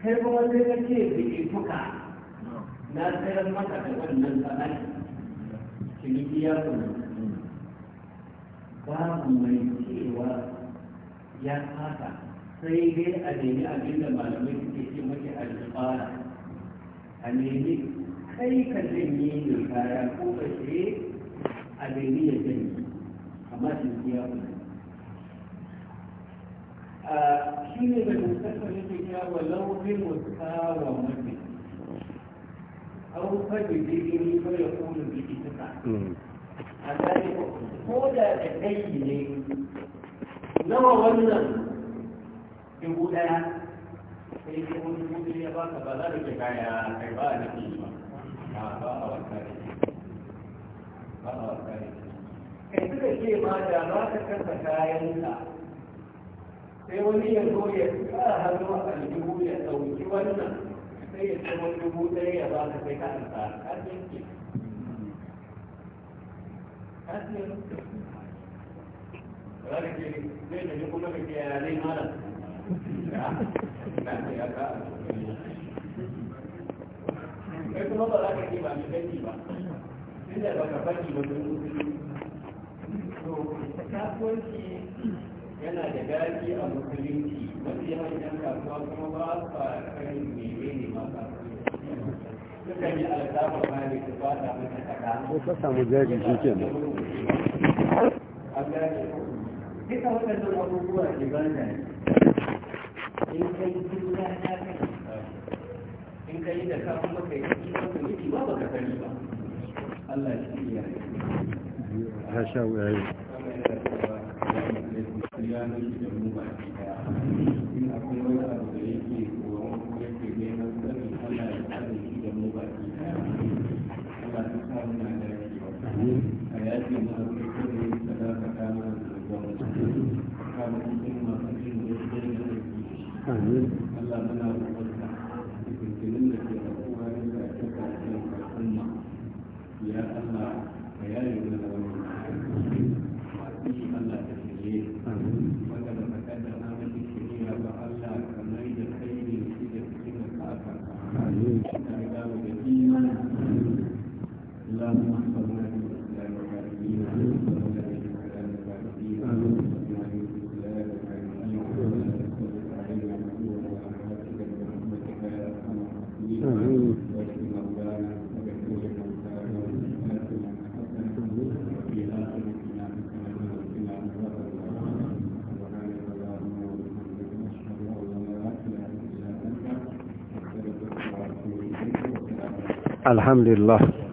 Sai kuma sai ka ce bi'i tuka na sayar maka da wannan tsanan ciniki ya kuma babu mai cewa ya fata sai dai a nemi abin da malamai suke ce mace alfara a nemi kai ka janye mai kaya ko ka ce a nemi ya janye amma shi ya shi ne da musamman kira wa launin mafi ko ya kuma a ko da da kai ne nawa wannan dubu daya sai ke wani ya ba za ke kaya kai ba a nake ba ba a ba a wata ne kai suka ce ma da za ka kasa kayanka sai wani ya zo ya kara hannu a aljihu ya ɗauki wannan sai ya ce dubu ɗaya ya ba ka sai ka ansa kasin ke kasin za ka ce zai tafi kuma ka ke yanayi mara kai kuma ba za ka ce ba mai gani ba inda ba ka faki ba don to kasuwanci yana da daɗi a musulunci wasu yawan yan kasuwa kuma ba sa karin mene ne ma sukan yi alzaba ba ne su ba ta mata kaɗa ko ka samu jari shi ke nan an gane duka waɗannan abubuwa ibada ne in kai duk rana kan in kai da kafin maka yi ba ka sani ba Allah shi ya yi hasha Allah ya ga ta ya Allah, ka الحمد لله